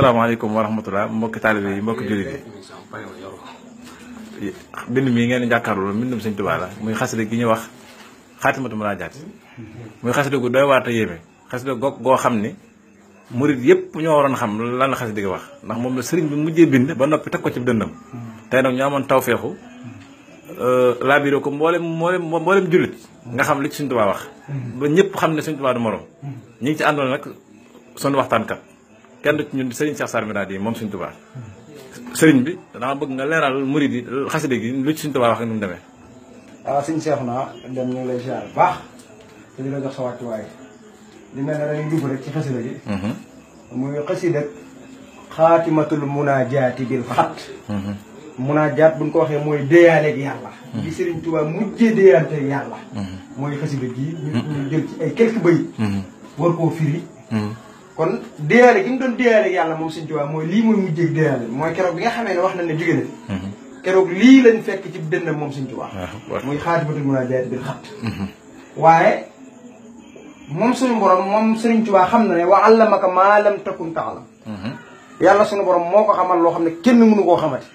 assalamualaikum wa mbok mbokki taalibe yi mbokki jullit yi bind mii ngeen jàkkaarloo la mbindum sëñ Tuubaa la muy khassade gi ñu wax khatimatu murajat muy khassade gu doy waata yeme khassade xasida go xamni murid yep ñoo waron xam lan khassade gi wax ndax mom la sëriñ bi mujjé bind ba nopi teg ko ci dëndam tey nag ñu amoon tawféexu euh, laabiré ko mbolé mbolé mbolé julit nga xam li seigne touba wax ba ñepp xamni seigne touba du morom ñi ci andol nak son waxtan kat kenn ci ñun Serigne Cheikh Sarr Miradi moom Serigne Touba Serigne bi dama bëgg nga leeral murid yi xasida gi lu ci Serigne Touba wax ak nu mu demee. waaw ah, Serigne Cheikh naa dem ñu ngi lay baax te di la jox sa wàccuwaay li mel ne dañuy dugg rek ci xasida gi. Mhm. muy xasida xaatimatul munaajaati bil xat. Mhm. munaajaat buñ ko waxee mooy déyaaleeg yàlla. Mhm. bi Serigne gi ñu jël ci ay quelques bayit war koo firi. kon déyaale gi mu doon déyaale yàlla moom Sëñ Tuubaa mooy lii mooy mujjee déyaale mooy keroog bi nga xamee ne wax nañ ne jóge na fi mhm. keroog lii lañ fekk ci dëndam moom Sëñ Tuubaa ah, muy xaatimatul munaajaat bil xat mhm. waaye moom suñu borom moom Sëriñ Tuubaa xam na ne wa allamaka maa lam takun taalam mhm. yàlla suñu borom moo ko xamal loo xam ne kenn mënu koo xamati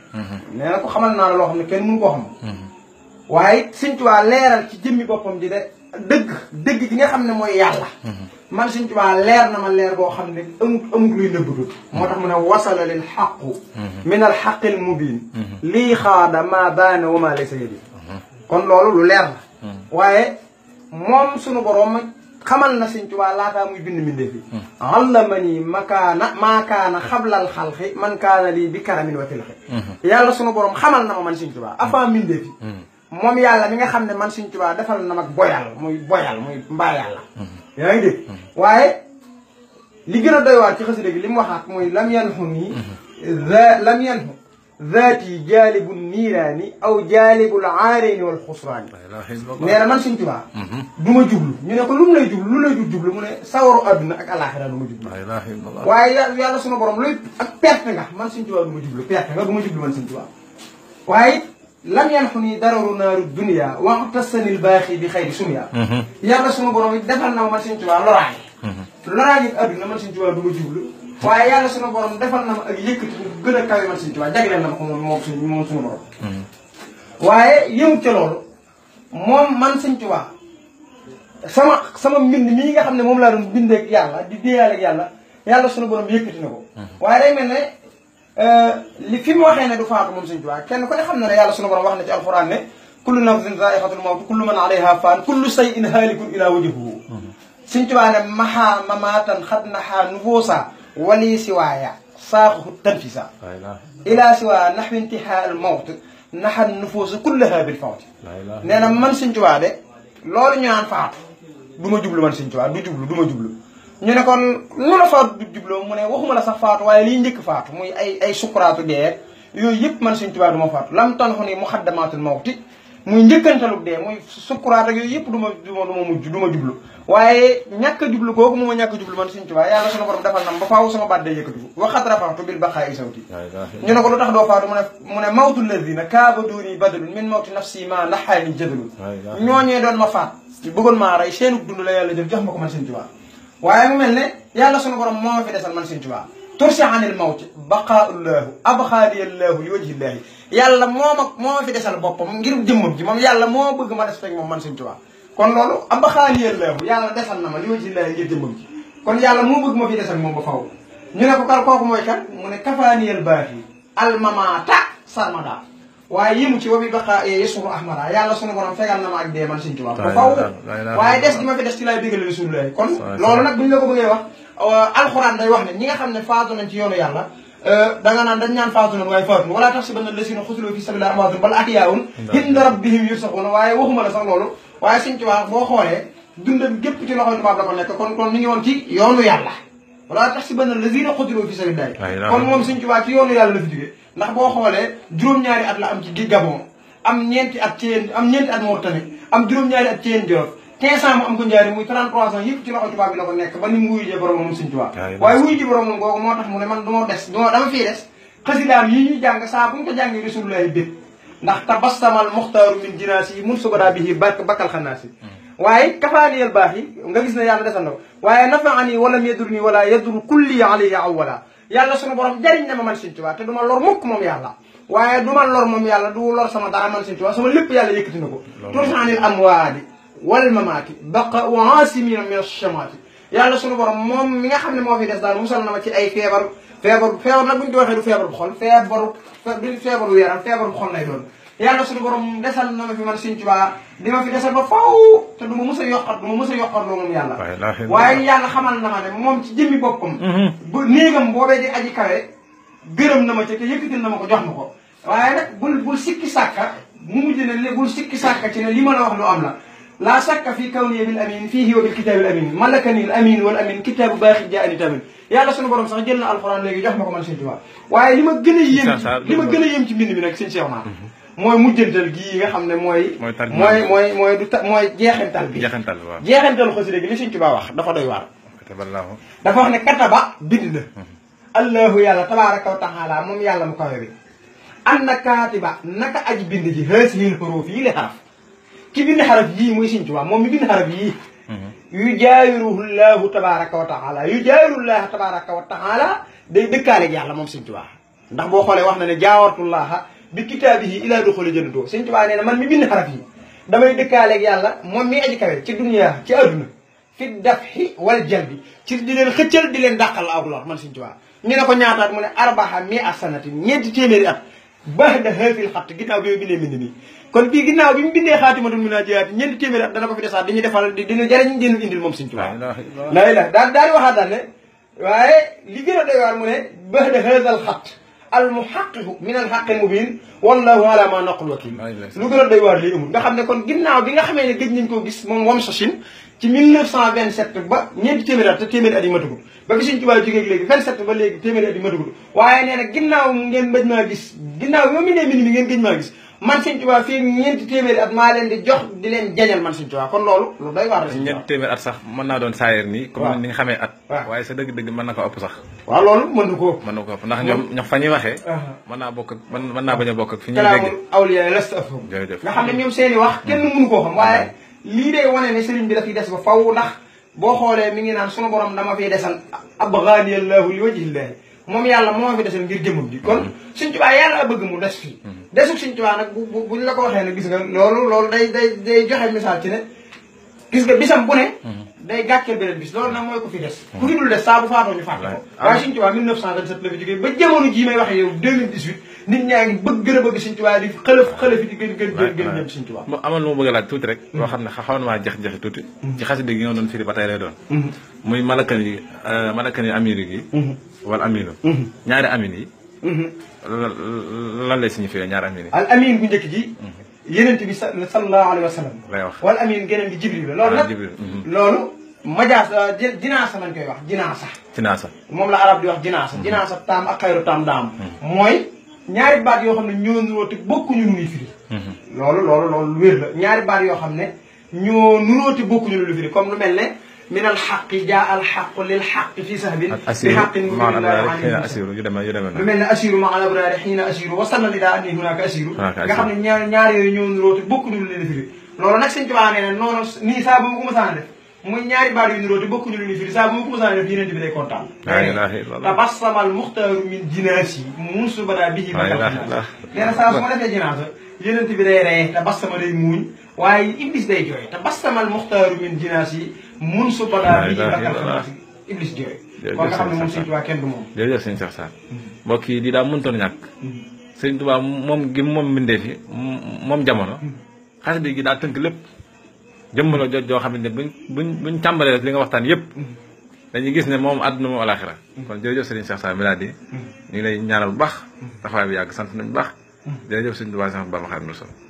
nee na ko xamal naa la loo xam ne kenn mënu koo xam waaye Sëñ Tuubaa leeral ci dëgg dëgg gi nga xam ne mooy yàlla man suñ tubaa leer na ma leer boo xam ne amut amut luy nëbbatu moo tax mu ne wasala lil xaqu min al xaqil mubin lii xaada maa baana wa maa laysa yadi kon loolu lu leer la waaye moom suñu borom xamal na suñ tubaa laataa muy bind mbindéef yi allama nii makaana maakaana xablal xalxi man kaana lii bi karamin wa tilxi yàlla suñu borom xamal na ma man suñ tubaa afaa mbindéef yi moom yàlla mi nga xam ne man suñ tubaab defal na mag boyal muy boyal muy mbaa yàlla yaa ngi dégg waaye li gën a doy waar ci xasida gi li mu waxaat muy lam yanhu nii lam yanhu zaati jaalibu niiraani aw jaalibu aarayni wal xusraani nee na man suñ tubaab mhm. du ma jublu ñu ne ko lu lay jublu lu lay jub mu ne sawaru adduna ak alaxira du ma jublu waaye yàlla sunu borom luy ak perte nga man suñ tubaab du ma jublu perte nga du ma jublu man suñ tubaab waaye lan yanxuni dararu naaru dunia waxta sanil baaxi bi xayri sunya yàlla suma borom it defal na ma man Sëñ Tuubaa loraange loraange adduna man Sëñ Tuubaa du ma jublu waaye yàlla suma borom defal na ma ak yëkkati bu gën a kawe man Sëñ Tuubaa jagleel na ma ko moom moom suñ moom suma borom waaye yëngu ca loolu moom man Sëñ Tuubaa sama sama mbind mii nga xam ne moom laa doon bindeeg yàlla di déeyaaleeg yàlla yàlla sunu borom yëkkati na ko waaye day mel ne li fi mu waxee ne du faatu moom Sëñ Tuubaa kenn ku ne xam na ne yàlla sunu borom wax na ci alxuraan ne kullu nafsin zaa'iqatul mawt kullu man alayha faan kullu shay'in haalikun ilaa wajhihi Sëñ Tuubaa ne maxaa mamaatan xad naxaa nufoosa wali siwaaya saaxuhu tanfisa ilaa siwaa naxwi intihaa al mawt naxa nufuusa kullaha bil fawti nee na man Sëñ Tuubaa de loolu ñu naan faatu du ma jublu man Sëñ Tuubaa du jublu du ma jublu ñu ne kon lu la faatu du jubloo mu la sax faatu waaye liy njëkk faatu ay ay sukuraatu yooyu yëpp man suñ tubaab du ma faatu lam tanxu ni mu xaddamaatul mawti muy njëkkantalu dee muy sukuraat ak yooyu yëpp du a jublu kooku mu a jublu man suñ tubaab yàlla sunu borom defal nam ba faaw sama baat day yëkkatu waxat rafaxtu bil baqaa ko lu tax doo faatu mu mawtu lazina kaabaduuni badalun min mawti nafsi ma laxaani jadalun ñooñee doon ma faat bëggoon maa rey seenu dund la yàlla jël jox ma ko man suñ waaye mu mel ne yàlla sunu borom moo ma fi desal man Sëñ Tuubaa tursi anil mawti baqaaullaahu abxaadiyallaahu li wajhillaahi yàlla moo ma moo ma fi desal boppam ngir jëmmam ji moom yàlla moo bëgg ma des fekk moom man Sëñ Tuubaa kon loolu abxaadiyallaahu yàlla desal na ma li wajhillaahi ngir jëmmam ji kon yàlla moo bëgg ma fi desal moom ba faw ñu ne ko kal kooku mooy kan mu ne kafaaniyal baax yi almamaata sarmada waaye yëmu ci wa bi baqaa eh, yasuru ahmara ah, yàlla sunu borom fegal na ma ak dee ba faw waaye des gi ma fi des ci laay bégale Rasulullaahi kon loolu nag bu ñu la ko bëggee wax euh, alxuraan day wax ne ñi nga xam ne faatu nañ ci yoonu yàlla euh, danga naan dañ naan faatu nañ waaye faatu wala taxsibanna lasina xutiluu fii sabiilillaahi amwaatun bal ahyaa'un waaye waxuma la sax loolu boo xoolee dundam gépp ci kon ci yoonu yàlla wala taxsibanna lasina xutiluu fii sabiilillaahi kon moom Sëñ ci yoonu yàlla la fi jógee ndax boo xoolee juróom-ñaari at la am ci di Gabon am ñeenti at ci yéen am ñeenti at Mauritanie am juróom-ñaari at cent mu am ko njaari muy 33 ans yëpp ci loxo tubaab bi la ko nekk ba ni mu wuyu ji borom moom suñ tubaab waaye wuyu ji borom moom googu moo tax mu ne man du des du ma fii des xasidaam yi ñuy jàng saa bu ñu ko jàngee rasulullahi bépp ndax tabassamal muxtaaru min jinaasi mun subadaa bihi bakkal mm. waaye kafaaniyal baax yi nga gis ne yàlla desal na ko waaye na wala yadurni yàlla sunu borom jariñ na ma man Sëriñ Tuubaa te du ma lor mukk moom yàlla waaye du ma lor moom yàlla du lor sama dara man Sëriñ Tuubaa sama lépp yàlla yëkkati na ko tursanil amwaadi wal mamaati baqa wa asimina min chamaati yàlla sunu borom moom mi nga xam ne moo fi des daal musal na ma ci ay feebar feebaru feebar nag buñu ko du feebar bu xol feebaru du feebar bu yaram feebar bu xol lay doon yàlla sunu borom desal na ma fi man Sëriñ Tuubaa di ma fi desal ba faw te du ma mës a yokkat du ma mës a yokkat loo moom yàlla waaye yàlla xamal na ma ne moom ci jëmmi boppam bu néegam boobee di aji kawe gërëm na ma ca te yëkkatil na ma ko jox ma ko waaye nag bul bul sikki sàkka mu mujj ne bul sikki sàkka ci ne li ma la wax lu am la laa sakka fii kawniya bil amin fii hiwa bil kitaabi l amin malakani l amin wal amin kitaabu baaxi jaani tamin yàlla sunu borom sax jël na alxuraan léegi jox ma ko man seen tubaab waaye li ma gën a yéem li ma gën a yéem ci mbind mi nag seen seew naa mooy mujjantal yi nga xam ne mooy mooy mooy mooy du ta mooy jeexantal bi jeexantal waaw jeexantal xasida gi li Sëñ Tuubaa wax dafa doy waar dafa wax ne kataba bind na mhm. allahu yàlla tabaaraka wa taala moom yàlla mu kawe bi an na kaatiba naka aji bind ji haasihil xuruf yii li xaraf ki bind xaraf yii muy Sëñ Tuubaa moom mi bind xaraf yii mhm. yu jaayiruhu llahu tabaaraka wa yu jaayiruhu llahu tabaaraka wa taala day dëkkaale ak yàlla moom Sëñ Tuubaa ndax boo xoolee wax na ne jaawartu llaha bi kitaabihi ilaa duxuli jannatoo sëñ Tuubaa nee na man mi bind xaraf yi damay dëkkaaleeg yàlla moom mi aji kawe ci dunya ci àdduna fi dafxi wal jalbi ci di leen xëccal di leen dàqal aw lor man sëñ Tuubaa ni ko ñaataat mu ne arbaha mi asanatin ñeenti téeméeri at baax da xëfil xatt ginnaaw bi mu bindee mbind mi kon fii ginnaaw bi mu bindee xaatimatul munaajaat ñeenti téeméeri at dana ko fi desaat dañuy defal diñu jëriñ di waxaat daal ne waaye li a doy waar mu ne baax da xëfil xatt المحقق من الحق المبين والله على ما نقول وكيل لو غير داي وار لي امول دا خامني كون غيناو ديغا خامي ني دجن غيس موم وام شاشين تي 1927 با نيت تيمير تا تيمير ادي ما دغول با غيسن تيبا جوغي ليغي 27 با ليغي تيمير ادي ما وايي ني نا غيناو نين بجما غيس غيناو يومي ني مي ني غين ما غيس man seigne Tuubaa fi ñent témer at ma leen di jox di leen jañal man seigne Tuubaa kon loolu lu doy war seigne ñent témer at sax man na doon sayer ni comme ni nga xamé at waye sa deug deug man nako upp sax wa loolu man na man ëpp upp ndax ñom ñox fañi waxé man na naa bokk man na baña bañ bokk fi ñu dégg awliya last afhum nga xamné ñom seeni wax kenn mënu koo xam waye li day wane ne seigne bi da fi dess ba faaw ndax bo xolé mi ngi naan suñu borom dama fi dessal abghani allah li wajhi moom mom yalla mo fi dessal ngir jëmum ji kon mm-hmm. seigne Tuubaa yalla bëgg mu dess fi mm-hmm. desug Sëñ Tuubaa nag bu buñ la ko waxee ne gis nga loolu lool day day joxe misaal ci ne gis nga bisam bu ne mhm. day gàcceel beneen bis loolu nag mooy ko fi des mhm. ku fi dul des saa bu faatoo ñu fàtte ko waaye Sëñ Tuubaa 1927 la fi jógee ba jamono jii may waxee yow nit ñaa ngi bëgg gën a yi di gën gën gën ma bëgg a laaj tuuti rek loo xam ne xaw na maa jax-jaxe tuuti mhm. ci xasida gi nga doon firi ba tey lay doon muy malakan yi euh, malakan yi amiri gi wala aminu ñaari amin yi lan lay signifié ñaar amin al amin bu njëkk ji. yenent bi sallallahu alayhi wa sallam. lay wal amin geneen gi jibril la. loolu nag Dinasa mhm. majaas jinaasa euh, lañ koy wax jinaasa. jinaasa moom la arab di wax jinaasa. jinaasa mhm. taam ak xayru taam daam. Mhm. mooy ñaari baat yoo xam ne ñoo nuróoti bokkuñu lu muy firi. loolu loolu loolu lu wér la ñaari baat yoo xam ne ñoo nuróoti bokkuñu lu firi comme lu mel من الحق جاء الحق للحق في سهب بحق مع الأبرار حين أسير يلما من أسير مع الأبرار حين أسير وصلنا إلى أني هناك أسير قبل نيار نيار ينون روت بكل للفري لو نكسن تبعنا نون نيسابو كمسان muy ñaari baat yu niroo te bokkuñu lu ñu firi saa bu ma ko mosaan def yeneen bi day kontaan. tabassama al min jinaas yi muusu badaa bi ci ba nee na su ma defee jinaasa yeneen bi iblis jooy tabassama al xam ne moom sëñ Tuubaa kenn moom jërëjëf sëñ Cheikh Sarr mbokk yi di daa mënutoon ñàkk mm-hmm. sëñ Tuubaa moom gi moom mbindee fi moom jamono mm-hmm. xas bi gi daa tënk lépp jëmmalo jot joo xamante ne buñ buñ buñ tàmbalee li nga waxtaan yëpp dañuy gis ne moom àdduna moom alaxira kon jërëjëf sëriñ Cheikh Sall Miladi ñu ngi lay ñaanal bu baax taxawaay bi yàgg sant nañ bu baax mm. jërëjëf sëriñ Tuubaa Cheikh Bamba Xaadimu Rasuul